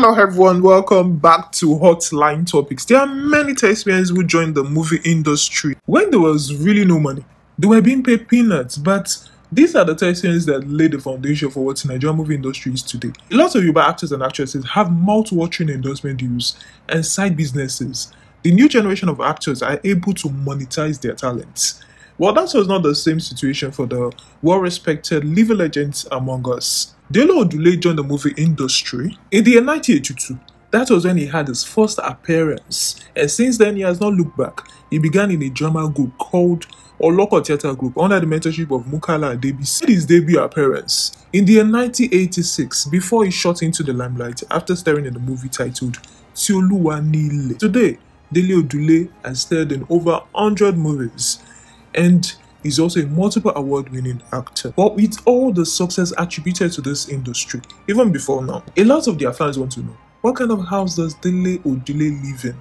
Hello, everyone. Welcome back to Hotline Topics. There are many Tasmanians who joined the movie industry when there was really no money. They were being paid peanuts, but these are the Tasmanians that laid the foundation for what Nigerian movie industry is today. Lots of Yoruba actors and actresses have mouth-watering endorsement deals and side businesses. The new generation of actors are able to monetize their talents. Well, that was not the same situation for the well-respected living legends among us. Dele Odule joined the movie industry in the year 1982. That was when he had his first appearance, and since then he has not looked back. He began in a drama group called Oloko Theatre Group under the mentorship of Mukala Adebisi. He his debut appearance in the year 1986 before he shot into the limelight after starring in the movie titled Tioluwa Nile. Today, Dele Odule has starred in over 100 movies and is also a multiple award winning actor. But with all the success attributed to this industry, even before now, a lot of their fans want to know what kind of house does Dele Odule live in?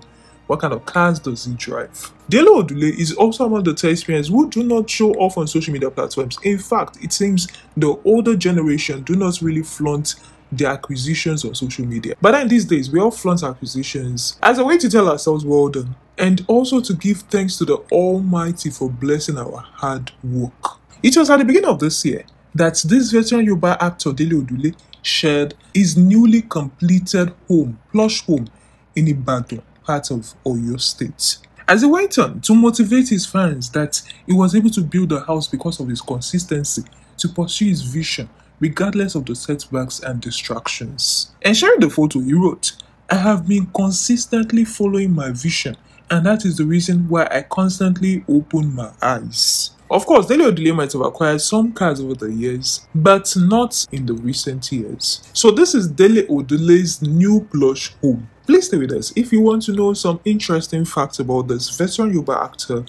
What kind of cars does he drive? Dele Odule is also among the Thespians who do not show off on social media platforms. In fact, it seems the older generation do not really flaunt their acquisitions on social media. But in these days, we all flaunt acquisitions as a way to tell ourselves, well done, and also to give thanks to the Almighty for blessing our hard work. It was at the beginning of this year that this veteran Yoruba actor Dele Odule shared his newly completed home, plush home, in Ibadan, part of Oyo State. As he went on to motivate his fans that he was able to build a house because of his consistency to pursue his vision regardless of the setbacks and distractions. And sharing the photo, he wrote, I have been consistently following my vision, and that is the reason why I constantly open my eyes. Of course, Delio Delay might have acquired some cars over the years, but not in the recent years. So this is Dele Odule's new plush home. Please stay with us if you want to know some interesting facts about this veteran Yoruba actor,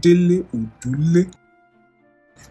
Dele Odule.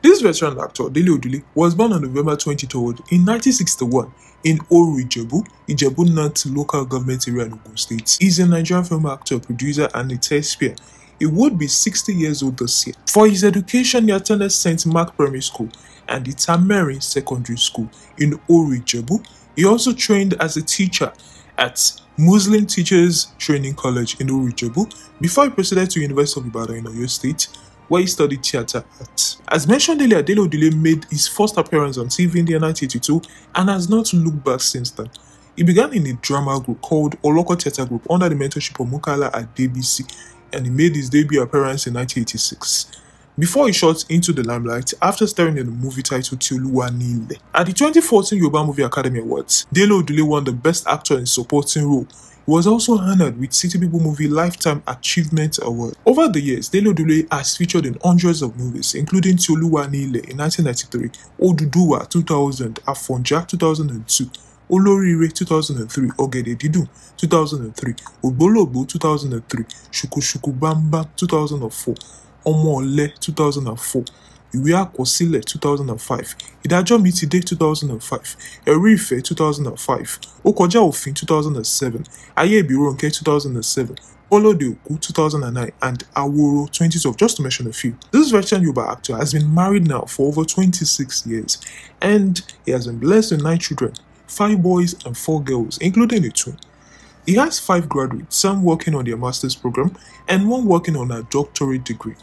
This veteran actor, Dele Odule, was born on November 23 in 1961 in Oru Ijebu, Ijebu North local government area in Ogun State. He's a Nigerian film actor, producer, and a thespian. He would be 60 years old this year. For his education, he attended St. Mark Primary School and the Tamari Secondary School in Oru Ijebu. He also trained as a teacher at Muslim Teachers Training College in Oru Ijebu before he proceeded to University of Ibadan in Oyo State where he studied theatre at. As mentioned earlier, Adele Odile made his first appearance on TV in the year 1982 and has not looked back since then. He began in a drama group called Oloko Theatre Group under the mentorship of Mukala at DBC and he made his debut appearance in 1986 before he shot into the limelight after starring in the movie titled Tioluwanile. At the 2014 Yoruba Movie Academy Awards, Dele Odule won the Best Actor in Supporting Role was also honored with City People Movie Lifetime Achievement Award. Over the years, Delo Dule has featured in hundreds of movies, including Tioluwa Nile in 1993, Oduduwa 2000, Afonja 2002, olóríire 2003 ọ̀gẹ̀dẹ̀ dídùn 2003 ògbólógbò 2003 Shukushukubamba bámbá 2004 ọmọ 2004 ìwé àkọsílẹ̀ two thousand and five ìdájọ́ mi ti dé two thousand and five ẹ̀rí ìfẹ́ two thousand and five ó kọjá òfin two thousand and seven ayé ìbíròǹkẹ́ two thousand and seven Olode Oku 2009 and Aworo 2012, just to mention a few. This veteran Yoruba actor has been married now for over 26 years and he has been blessed with nine children, five boys and four girls, including a twin. He has five graduates, some working on their master's program and one working on a doctorate degree.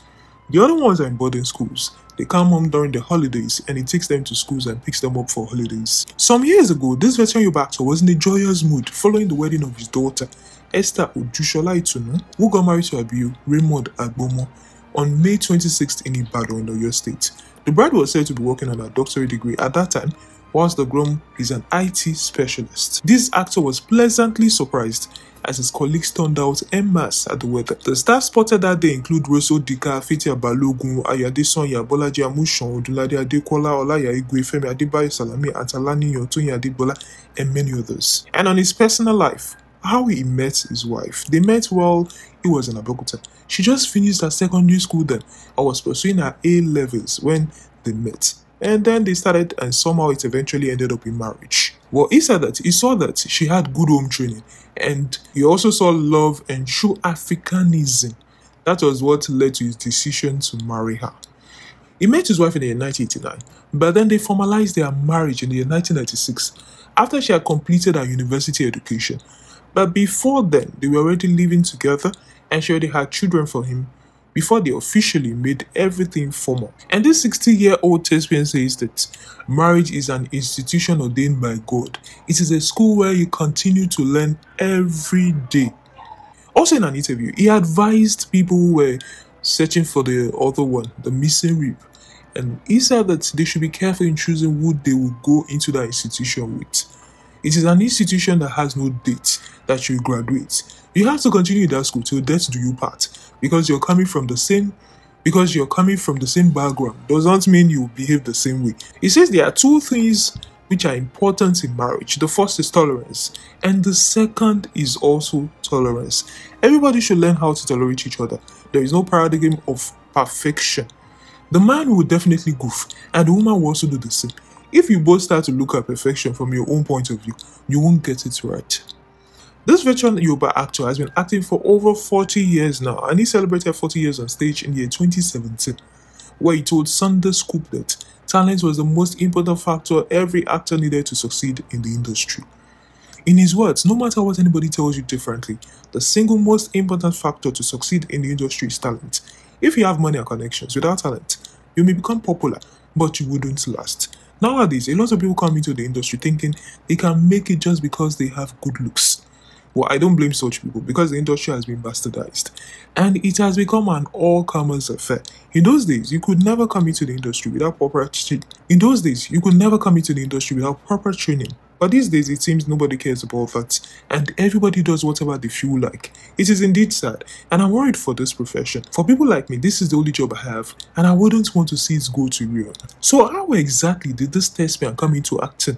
The other ones are in boarding schools. They come home during the holidays and he takes them to schools and picks them up for holidays. Some years ago, this veteran Yoruba actor was in a joyous mood following the wedding of his daughter, Esther Ojushola Itunu, who got married to Abiu Raymond Agbomo on May 26th in Ibadan, Oyo State. The bride was said to be working on her doctorate degree at that time once the groom is an IT specialist. This actor was pleasantly surprised as his colleagues turned out en masse at the weather. The staff spotted that they include Rosso Dika, Fitia Balogun, Ayade Sonya, Bolaji Amusan, Odulade Adekola, Olaya Igwe, Femi Adebayo Salami, Atalani Yotoyin Adebola, and many others. And on his personal life, how he met his wife. They met while he was in Abuja. She just finished her secondary school then I was pursuing her A levels when they met and then they started and somehow it eventually ended up in marriage well he said that he saw that she had good home training and he also saw love and true africanism that was what led to his decision to marry her he met his wife in the year 1989 but then they formalized their marriage in the year 1996 after she had completed her university education but before then they were already living together and she already had children for him before they officially made everything formal. And this 60 year old thespian says that marriage is an institution ordained by God, it is a school where you continue to learn every day. Also, in an interview, he advised people who were searching for the other one, the missing rib, and he said that they should be careful in choosing who they will go into that institution with. It is an institution that has no date that you graduate, you have to continue that school till death do you part because you're coming from the same because you're coming from the same background doesn't mean you behave the same way. He says there are two things which are important in marriage. The first is tolerance, and the second is also tolerance. Everybody should learn how to tolerate each other. There is no paradigm of perfection. The man will definitely goof, and the woman will also do the same. If you both start to look at perfection from your own point of view, you won't get it right. This veteran Yoruba actor has been acting for over 40 years now and he celebrated 40 years on stage in the year 2017, where he told Sunday Scoop that talent was the most important factor every actor needed to succeed in the industry. In his words, no matter what anybody tells you differently, the single most important factor to succeed in the industry is talent. If you have money or connections without talent, you may become popular, but you wouldn't last. Nowadays, a lot of people come into the industry thinking they can make it just because they have good looks. Well, I don't blame such people because the industry has been bastardized and it has become an all comers affair. In those days, you could never come into the industry without proper training. in those days, you could never come into the industry without proper training. But these days, it seems nobody cares about that, and everybody does whatever they feel like. It is indeed sad, and I'm worried for this profession. For people like me, this is the only job I have, and I wouldn't want to see it go to ruin. So, how exactly did this test man come into acting?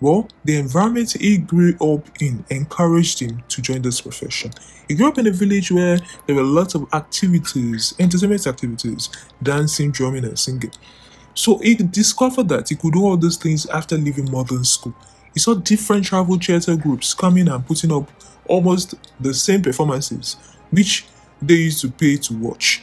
Well, the environment he grew up in encouraged him to join this profession. He grew up in a village where there were lots of activities, entertainment activities, dancing, drumming, and singing. So he discovered that he could do all those things after leaving modern school. He saw different travel theatre groups coming and putting up almost the same performances, which they used to pay to watch.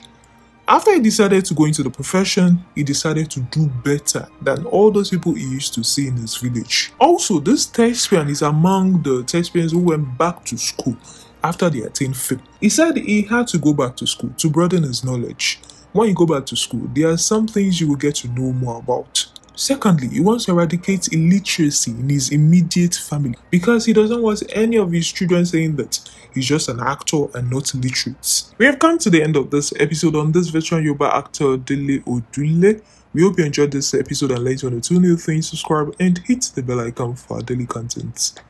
After he decided to go into the profession, he decided to do better than all those people he used to see in his village. Also, this Thespian is among the Thespians who went back to school after they attained fame. He said he had to go back to school to broaden his knowledge. When you go back to school, there are some things you will get to know more about. Secondly, he wants to eradicate illiteracy in his immediate family because he doesn't want any of his children saying that he's just an actor and not literate. We have come to the end of this episode on this veteran Yoruba actor Dele Odule. We hope you enjoyed this episode and learned one the two new things. Subscribe and hit the bell icon for daily content.